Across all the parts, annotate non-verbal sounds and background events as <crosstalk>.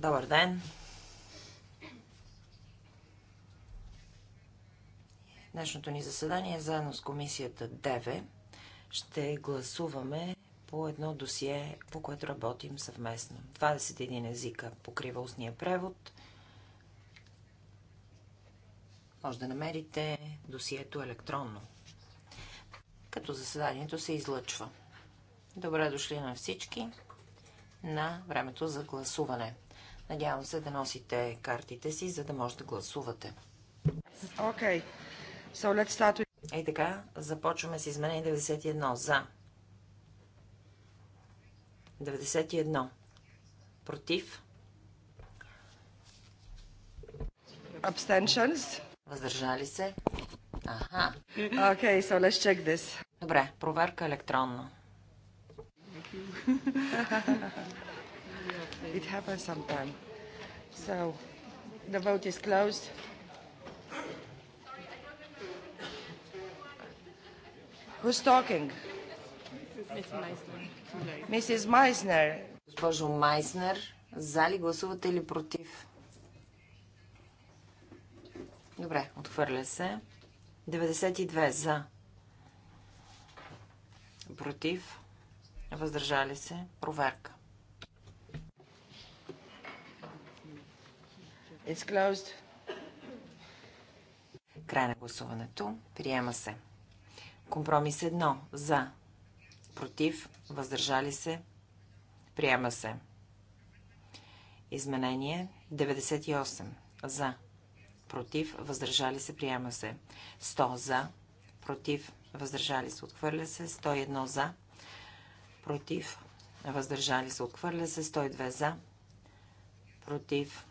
Добър ден! Днешното ни заседание заедно с комисията ДВ ще гласуваме по едно досие, по което работим съвместно. 21 езика покрива устния превод. Може да намерите досието електронно. Като заседанието се излъчва. Добре дошли на всички на времето за гласуване. Надявам се да носите картите си, за да може да гласувате. Okay. So let's start with... така, започваме с изменение 91. За. 91. Против. Abstentions. Въздържали се. Аха. Okay, so let's check this. Добре, проверка електронно. <laughs> It happens sometimes. So the vote is closed. Who's talking? Mrs. Meisner. Госпожо Майснер, за ли гласувате или против? Добре, отхвърля се. 92 за. Против. Въздържали се. Проверка. It's closed. Край на гласуването. Приема се. Компромис 1. За. Против. Въздържали се. Приема се. Изменение 98. За. Против. Въздържали се. Приема се. 100. За. Против. Въздържали се. Отхвърля се. 101. За. Против. Въздържали се. Отхвърля се. 102. За. Против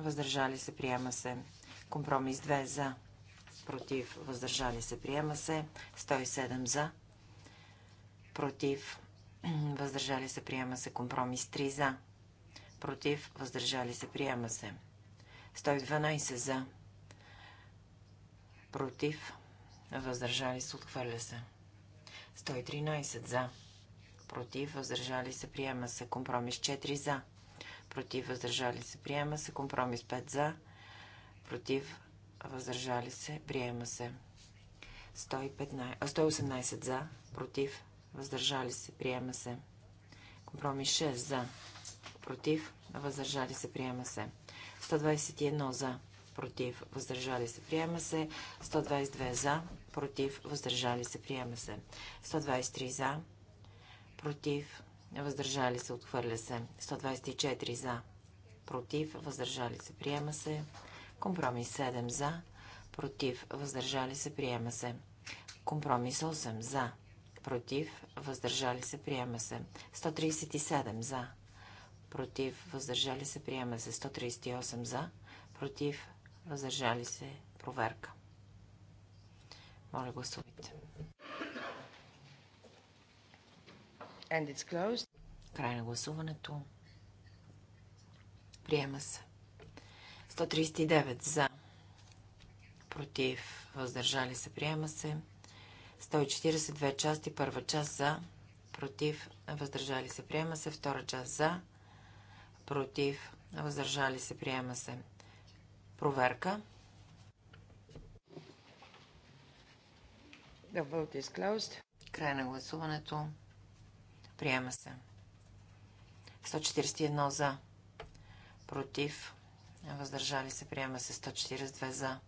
въздържали се, приема се. Компромис 2 за, против, въздържали се, приема се. 107 <clears throat> за, против, въздържали се, приема се. Компромис 3 за, против, въздържали се, приема се. 112 за, против, въздържали се, отхвърля се. 113 за, против, въздържали се, приема се. Компромис 4 за, против, въздържали се, приема се. Компромис 5 за, против, въздържали се, приема се. 115, 118 за, против, въздържали се, приема се. Компромис 6 за, против, въздържали се, приема се. 121 за, против, въздържали се, приема се. 122 за, против, въздържали се, приема се. 123 за, против, въздържали се, отхвърля се. 124 за, против, въздържали се, приема се. Компромис 7 за, против, въздържали се, приема се. Компромис 8 за, против, въздържали се, приема се. 137 за, против, въздържали се, приема се. 138 за, против, въздържали се, проверка. Моля, гласувайте. Край на гласуването. Приема се. 139 за. Против. Въздържали се. Приема се. 142 части. Първа част за. Против. Въздържали се. Приема се. Втора част за. Против. Въздържали се. Приема се. Проверка. The vote is closed. Край на гласуването. Приема се. 141 за. Против. Въздържали се. Приема се. 142 за.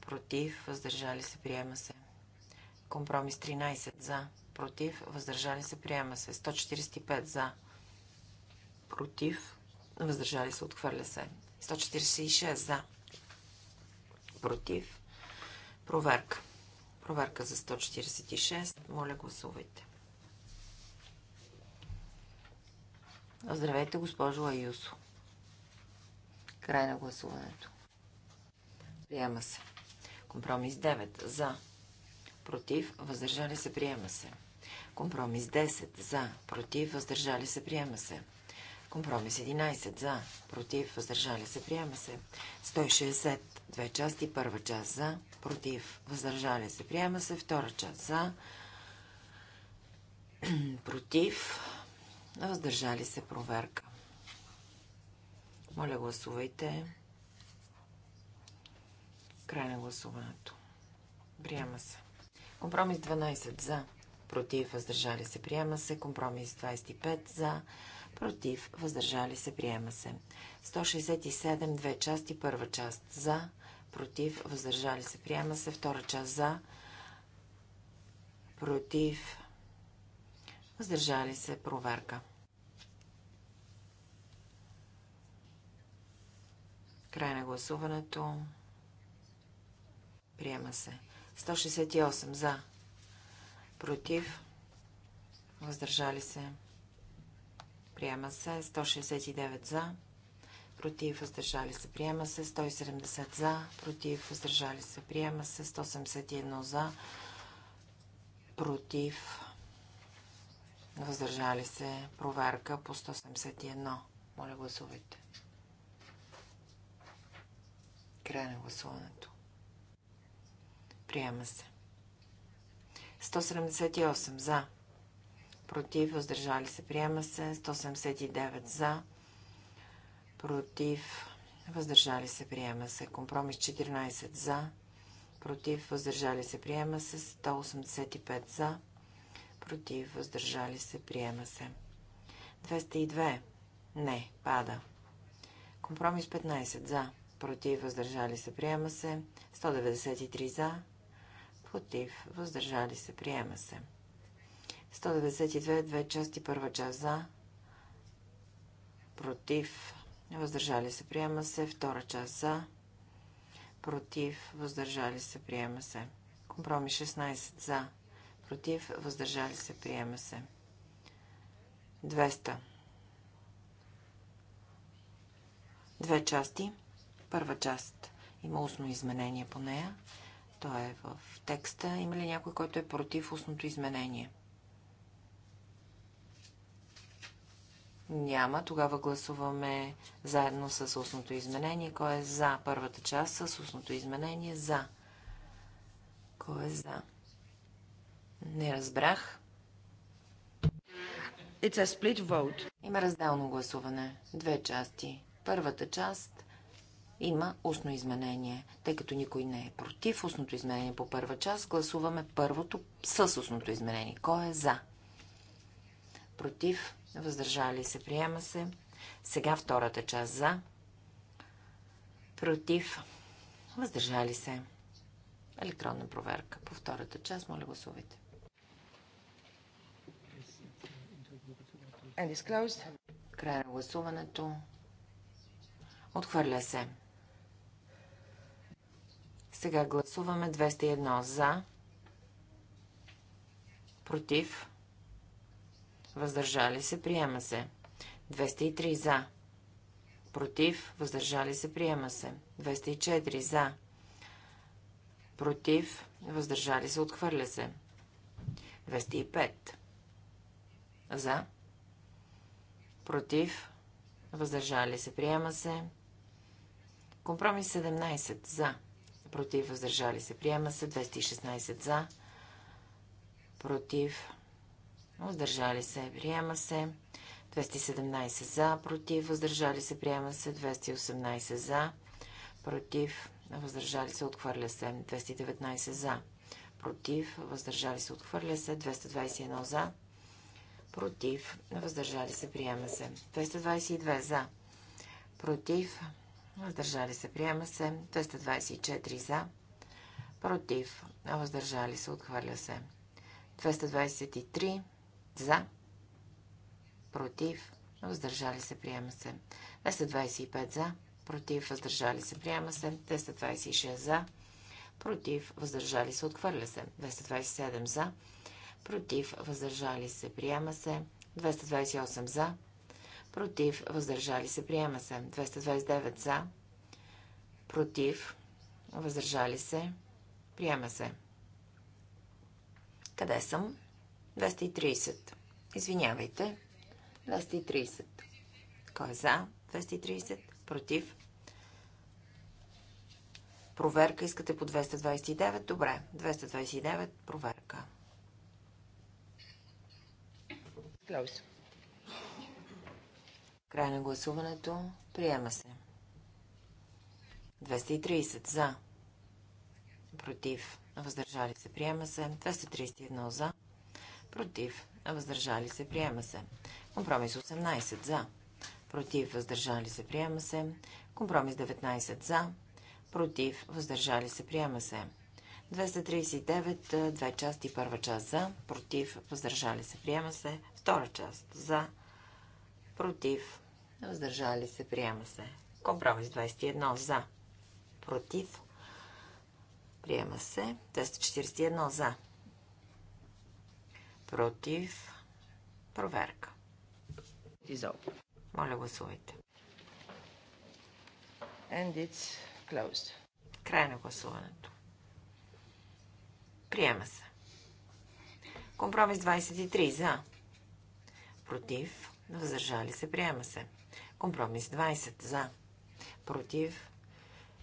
Против. Въздържали се. Приема се. Компромис 13 за. Против. Въздържали се. Приема се. 145 за. Против. Въздържали се. Отхвърля се. 146 за. Против. Проверка. Проверка за 146. Моля, гласувайте. Здравейте, госпожо Аюсо. Край на гласуването. Приема се. Компромис 9. За. Против. Въздържали се. Приема се. Компромис 10. За. Против. Въздържали се. Приема се. Компромис 11. За. Против. Въздържали се. Приема се. 160. Две части. Първа част. За. Против. Въздържали се. Приема се. Втора част. За. <clears throat> Против. Въздържали се проверка. Моля, гласувайте. Край на гласуването. Приема се. Компромис 12 за. Против. Въздържали се. Приема се. Компромис 25 за. Против. Въздържали се. Приема се. 167. Две части. Първа част за. Против. Въздържали се. Приема се. Втора част за. Против Въздържали се проверка. Край на гласуването. Приема се. 168 за. Против. Въздържали се. Приема се. 169 за. Против. Въздържали се. Приема се. 170 за. Против. Въздържали се. Приема се. 171 за. Против. Въздържали се. Проверка по 171. Моля гласувайте. Край на гласуването. Приема се. 178 за. Против. Въздържали се. Приема се. 179 за. Против. Въздържали се. Приема се. Компромис 14 за. Против. Въздържали се. Приема се. 185 за против, въздържали се, приема се. 202. Не, пада. Компромис 15. За, против, въздържали се, приема се. 193 за, против, въздържали се, приема се. 192, две части, първа част за, против, въздържали се, приема се, втора част за, против, въздържали се, приема се. Компромис 16 за, против, въздържали се, приема се. 200. Две части. Първа част има устно изменение по нея. То е в текста. Има ли някой, който е против устното изменение? Няма. Тогава гласуваме заедно с устното изменение. Кой е за първата част с устното изменение? За. Кой е за? Не разбрах. It's a split vote. Има разделно гласуване. Две части. Първата част има устно изменение. Тъй като никой не е против устното изменение по първа част, гласуваме първото с устното изменение. Кой е за? Против? Въздържали се? Приема се. Сега втората част за. Против? Въздържали се? Електронна проверка. По втората част, моля гласувайте. And is closed. Край на гласуването. Отхвърля се. Сега гласуваме 201 за, против, въздържали се, приема се. 203 за, против, въздържали се, приема се. 204 за, против, въздържали се, отхвърля се. 205 за, против, въздържали се, приема се. Компромис 17 за, против, въздържали се, приема се. 216 за, против, въздържали се, приема се. 217 за, против, въздържали се, приема се. 218 за, против, въздържали се, отхвърля се. 219 за, против, въздържали се, отхвърля се. 221 за, против, въздържали се, приема се. 222 за, против, въздържали се, приема се. 224 за, против, въздържали се, отхвърля се. 223 за, против, въздържали се, приема се. 225 за, против, въздържали се, приема се. 226 за, против, въздържали се, отхвърля се. 227 за, против, въздържали се, приема се. 228 за, против, въздържали се, приема се. 229 за, против, въздържали се, приема се. Къде съм? 230. Извинявайте. 230. Кой е за? 230. Против? Проверка искате по 229? Добре. 229. Проверка. Close. Край на гласуването. Приема се. 230 за. Против. Въздържали се. Приема се. 231 за. Против. Въздържали се. Приема се. Компромис 18 за. Против. Въздържали се. Приема се. Компромис 19 за. Против. Въздържали се. Приема се. 239, две части, първа част за, против, въздържали се, приема се, втора част за, против, въздържали се, приема се. с 21 за, против, приема се, 241 за, против, проверка. Моля, гласувайте. And it's closed. Край на гласуването. Приема се. Компромис 23 за. Против. Въздържали се. Приема се. Компромис 20 за. Против.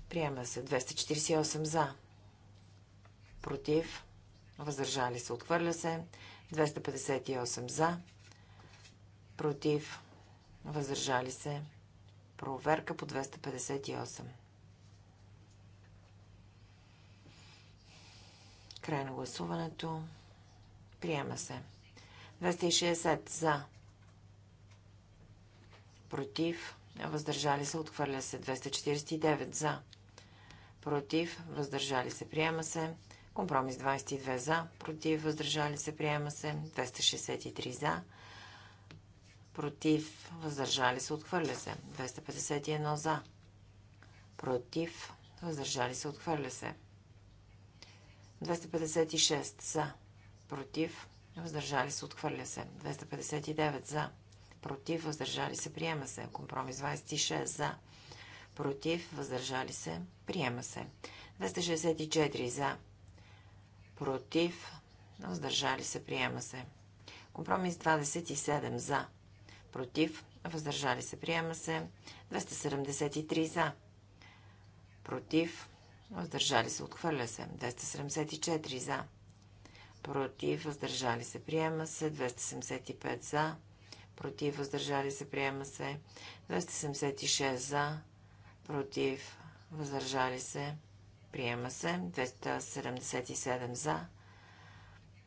Приема се. 248 за. Против. Въздържали се. Отхвърля се. 258 за. Против. Въздържали се. Проверка по 258. Край на гласуването. Приема се. 260 за. Против. Въздържали се. Отхвърля се. 249 за. Против. Въздържали се. Приема се. Компромис 22 за. Против. Въздържали се. Приема се. 263 за. Против. Въздържали се. Отхвърля се. 251 за. Против. Въздържали се. Отхвърля се. 256 за. Против. Въздържали се. Отхвърля се. 259 за. Против. Въздържали се. Приема се. Компромис 26 за. Против. Въздържали се. Приема се. 264 за. Против. Въздържали се. Приема се. Компромис 27 за. Против. Въздържали се. Приема се. 273 за. Против. Въздържали се. Отхвърля се. 274 за. Против. Въздържали се. Приема се. 275 за. Против. Въздържали се. Приема се. 276 за. Против. Въздържали се. Приема се. 277 за.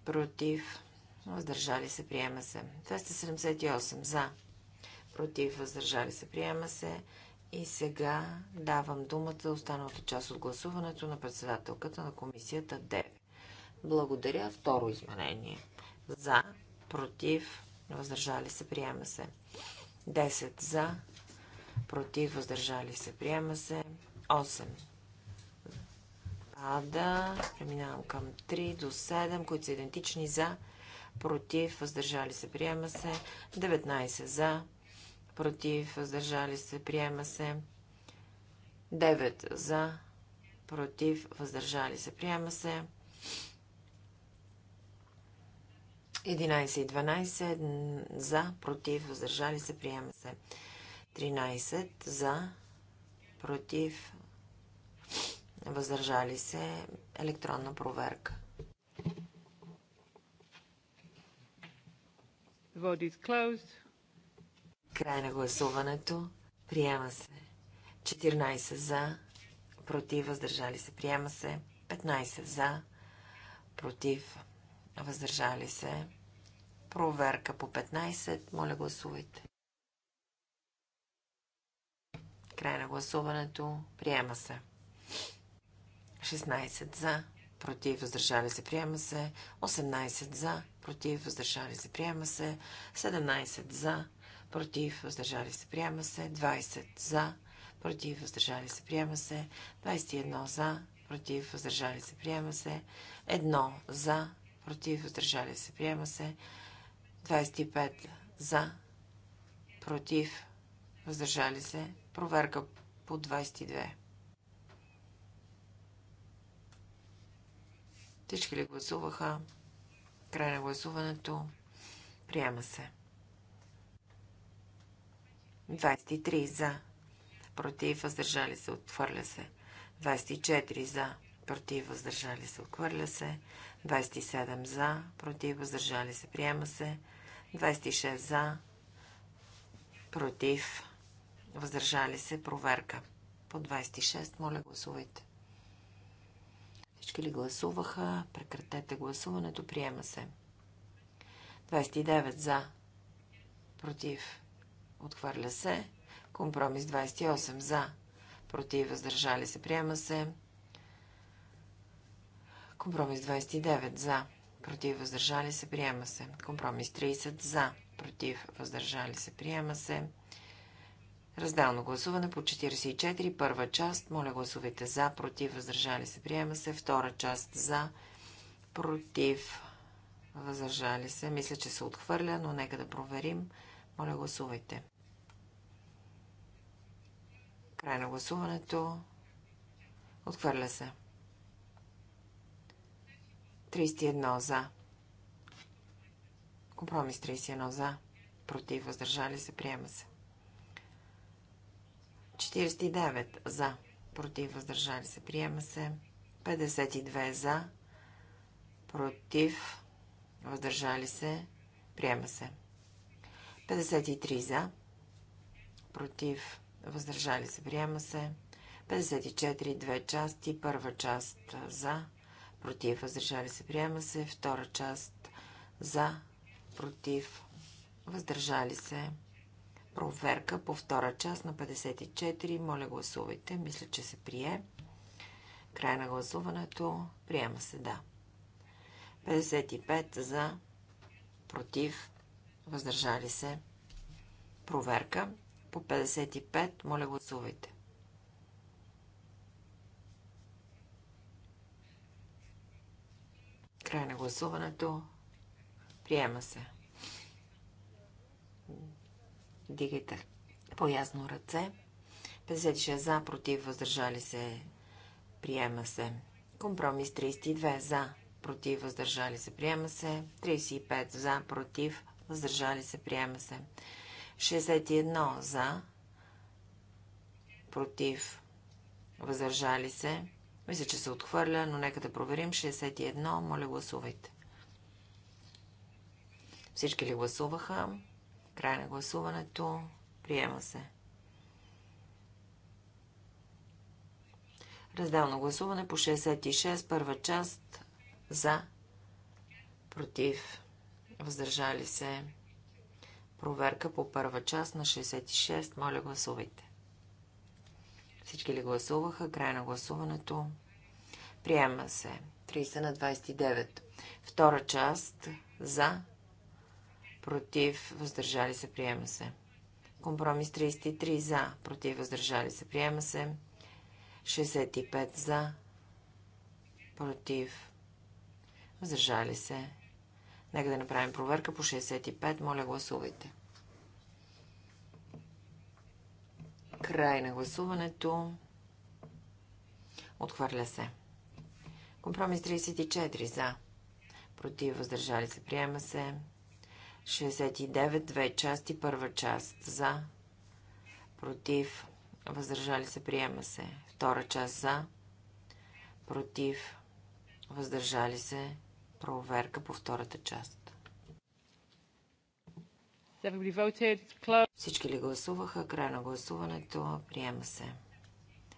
Против. Въздържали се. Приема се. 278 за. Против. Въздържали се. Приема се. И сега давам думата за останалата част от гласуването на председателката на комисията 9. Благодаря. Второ изменение. За, против, въздържали се, приема се. 10 за, против, въздържали се, приема се. 8 пада. Преминавам към 3 до 7, които са идентични за, против, въздържали се, приема се. 19 за, против, въздържали се, приема се. 9 за, против, въздържали се, приема се. 11 и 12 за, против, въздържали се, приема се. 13 за, против, въздържали се, електронна проверка. The vote is closed. Край на гласуването. Приема се. 14 за, против, въздържали се. Приема се. 15 за, против, въздържали се. Проверка по 15. Моля, гласувайте. Край на гласуването. Приема се. 16 за, против, въздържали се, приема се. 18 за, против, въздържали се, приема се. 17 за, против, въздържали се, приема се. 20 за, против, въздържали се, приема се. 21 за, против, въздържали се, приема се. 1 за, против, въздържали се, приема се. 25 за, против, въздържали се. Проверка по 22. 3 ли гласуваха? Край на гласуването. Приема се. 23 за. Против, въздържали се, отхвърля се. 24 за. Против, въздържали се, отхвърля се. 27 за. Против, въздържали се, приема се. 26 за. Против, въздържали се, проверка. По 26, моля, гласувайте. Всички ли гласуваха? Прекратете гласуването, приема се. 29 за. Против, Отхвърля се. Компромис 28 за. Против въздържали се. Приема се. Компромис 29 за. Против въздържали се. Приема се. Компромис 30 за. Против въздържали се. Приема се. Разделно гласуване по 44. Първа част. Моля гласувайте за. Против въздържали се. Приема се. Втора част за. Против въздържали се. Мисля, че се отхвърля, но нека да проверим. Моля, гласувайте. Край на гласуването. Отхвърля се. 31 за. Компромис 31 за. Против, въздържали се, приема се. 49 за. Против, въздържали се, приема се. 52 за. Против, въздържали се, приема се. 53 за, против, въздържали се, приема се. 54, две части, първа част за, против, въздържали се, приема се. Втора част за, против, въздържали се. Проверка по втора част на 54. Моля гласувайте. Мисля, че се прие. Край на гласуването. Приема се да. 55 за, против, въздържали се. Проверка по 55. Моля, гласувайте. Край на гласуването. Приема се. Дигайте по-ясно ръце. 56 за, против, въздържали се. Приема се. Компромис 32 за, против, въздържали се. Приема се. 35 за, против, въздържали се, приема се. 61 за, против, въздържали се. Мисля, че се отхвърля, но нека да проверим. 61, моля гласувайте. Всички ли гласуваха? Край на гласуването. Приема се. Разделно гласуване по 66, първа част за, против, въздържали се. Проверка по първа част на 66. Моля, гласувайте. Всички ли гласуваха? Край на гласуването. Приема се. 30 на 29. Втора част. За. Против. Въздържали се. Приема се. Компромис 33. За. Против. Въздържали се. Приема се. 65. За. Против. Въздържали се. Нека да направим проверка по 65. Моля, гласувайте. Край на гласуването. Отхвърля се. Компромис 34 за. Против, въздържали се, приема се. 69, две части, първа част за. Против, въздържали се, приема се. Втора част за. Против, въздържали се, проверка по втората част. Всички ли гласуваха? Край на гласуването. Приема се.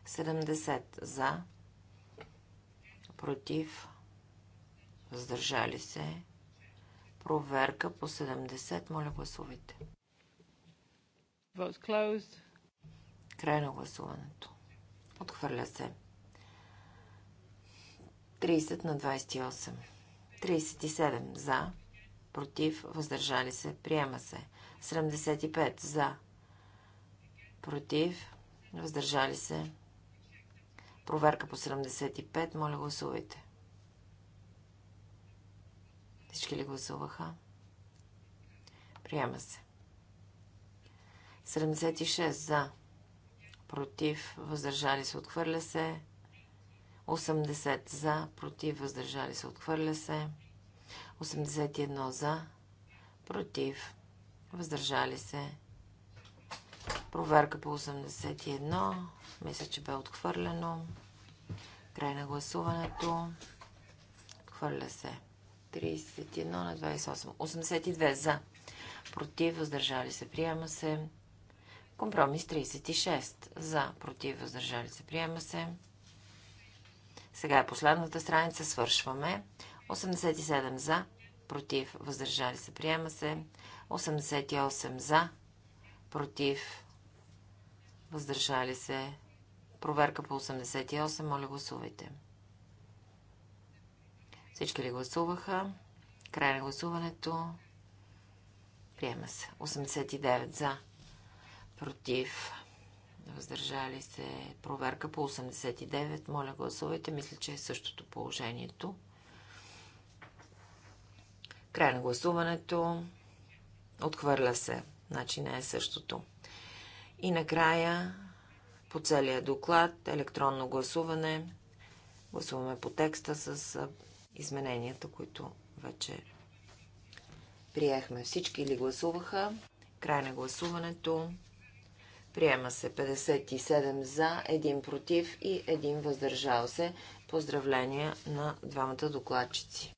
70 за. Против. Въздържали се. Проверка по 70. Моля гласувайте. Край на гласуването. Отхвърля се. 30 на 28. 37 за, против, въздържали се, приема се. 75 за, против, въздържали се. Проверка по 75, моля гласувайте. Всички ли гласуваха? Приема се. 76 за, против, въздържали се, отхвърля се. 80 за, против, въздържали се, отхвърля се. 81 за, против, въздържали се. Проверка по 81. Мисля, че бе отхвърлено. Край на гласуването. Отхвърля се. 31 на 28. 82 за. Против, въздържали се, приема се. Компромис 36. За, против, въздържали се, приема се. Сега е последната страница, свършваме. 87 за, против, въздържали се, приема се. 88 за, против, въздържали се. Проверка по 88, моля гласувайте. Всички ли гласуваха? Край на гласуването. Приема се. 89 за, против, въздържали се проверка по 89. Моля гласувайте. Мисля, че е същото положението. Край на гласуването. Отхвърля се. Значи не е същото. И накрая по целия доклад електронно гласуване. Гласуваме по текста с измененията, които вече приехме. Всички ли гласуваха? Край на гласуването. Приема се 57 за, 1 против и 1 въздържал се. Поздравления на двамата докладчици.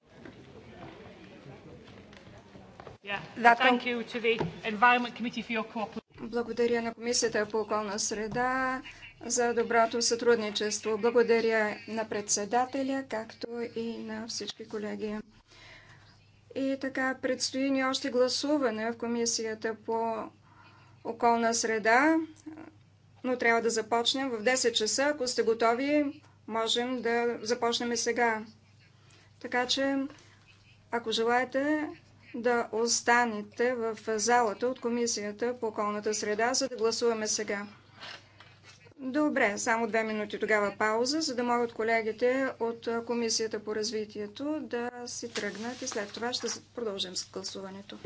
Благодаря на Комисията по околна среда за доброто сътрудничество. Благодаря на председателя, както и на всички колеги. И така, предстои ни още гласуване в Комисията по околна среда, но трябва да започнем в 10 часа. Ако сте готови, можем да започнем и сега. Така че, ако желаете да останете в залата от Комисията по околната среда, за да гласуваме сега. Добре, само две минути тогава пауза, за да могат колегите от Комисията по развитието да си тръгнат и след това ще продължим с гласуването.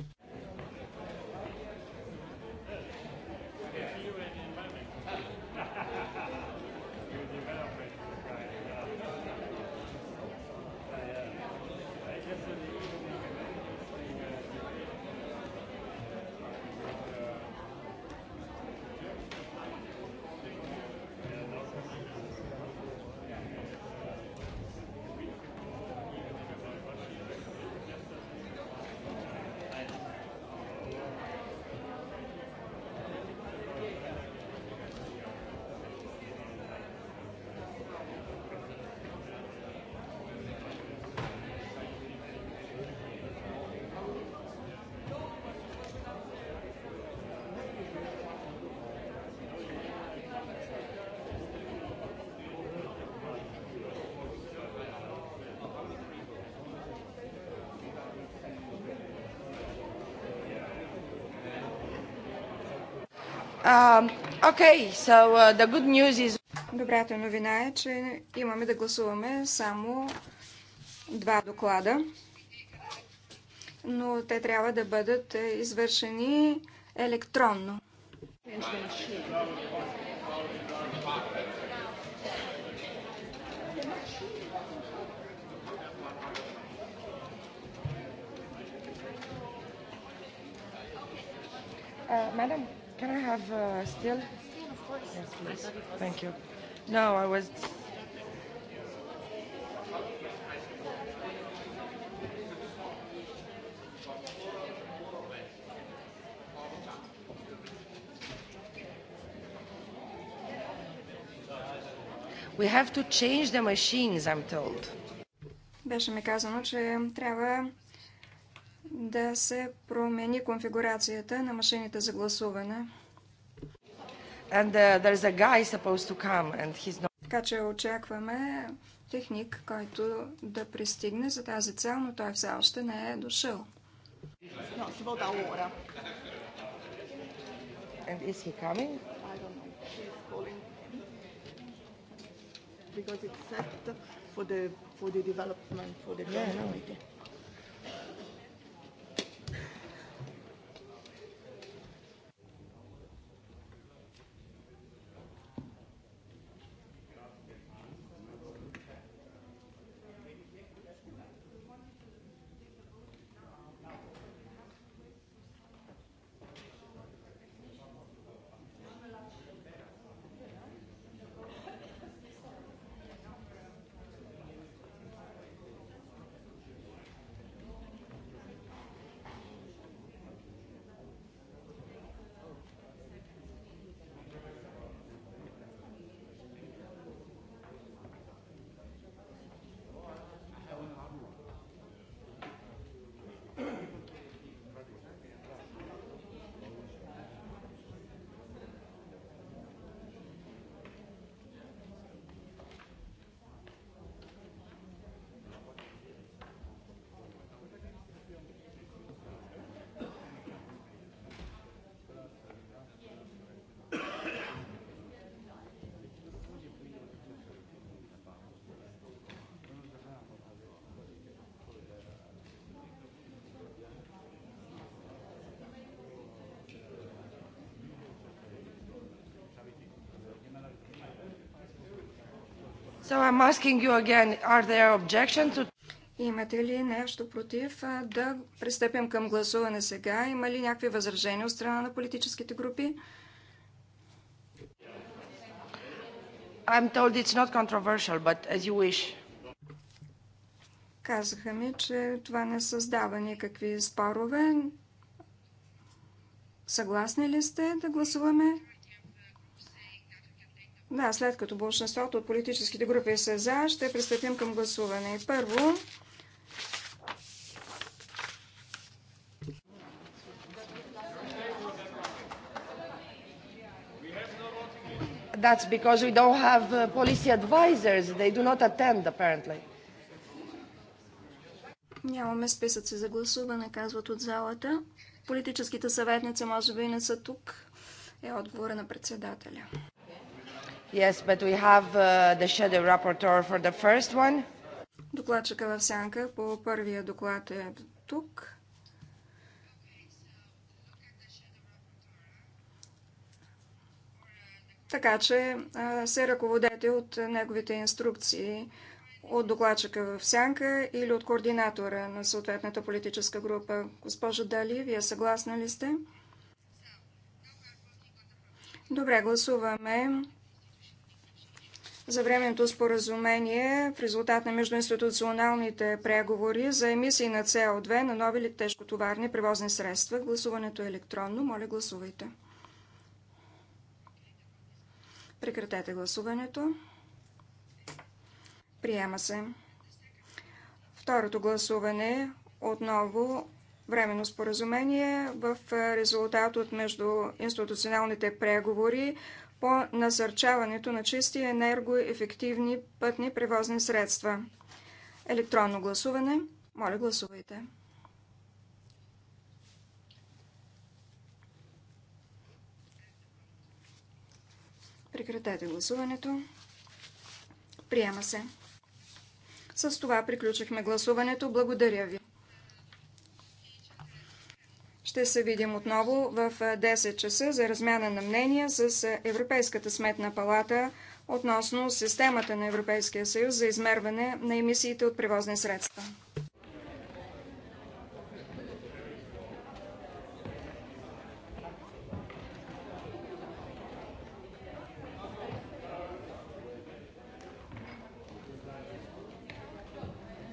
Um, okay, so uh, is... Добрата новина е, че имаме да гласуваме само два доклада, но те трябва да бъдат е, извършени електронно. Uh, Can I have uh, still? Yes, please. Thank you. No, I was. We have to change the machines, I'm told. Беше ми казано, че трябва да се промени конфигурацията на машините за гласуване. Uh, not... Така че очакваме техник, който да пристигне за тази цел, но той все още не е дошъл. And is he coming? I don't know. She's calling. Because it's set for the, for the development, for the yeah, no. committee. So I'm asking you again, are there to... Имате ли нещо против да пристъпим към гласуване сега? Има ли някакви възражения от страна на политическите групи? I'm told it's not controversial, but as you wish. Казаха ми, че това не създава никакви спорове. Съгласни ли сте да гласуваме? Да, след като большинството от политическите групи са за, ще пристъпим към гласуване. Първо, That's because we don't have uh, policy advisors. They do not attend, apparently. Нямаме списъци за гласуване, казват от залата. Политическите съветници може би не са тук, е отговора на председателя. Yes, but we have uh, the shadow rapporteur for the first one. Докладчика в сянка по първия доклад е тук. Така че се ръководете от неговите инструкции от докладчика в сянка или от координатора на съответната политическа група. Госпожо Дали, вие съгласна ли сте? Добре, гласуваме за временното споразумение в резултат на междуинституционалните преговори за емисии на СО2 на нови тежкотоварни превозни средства. Гласуването е електронно. Моля, гласувайте. Прекратете гласуването. Приема се. Второто гласуване отново временно споразумение в е, резултат от междуинституционалните преговори по насърчаването на чисти енергоефективни пътни превозни средства. Електронно гласуване. Моля, гласувайте. Прекратете гласуването. Приема се. С това приключихме гласуването. Благодаря ви. Ще се видим отново в 10 часа за размяна на мнения с Европейската сметна палата относно системата на Европейския съюз за измерване на емисиите от превозни средства.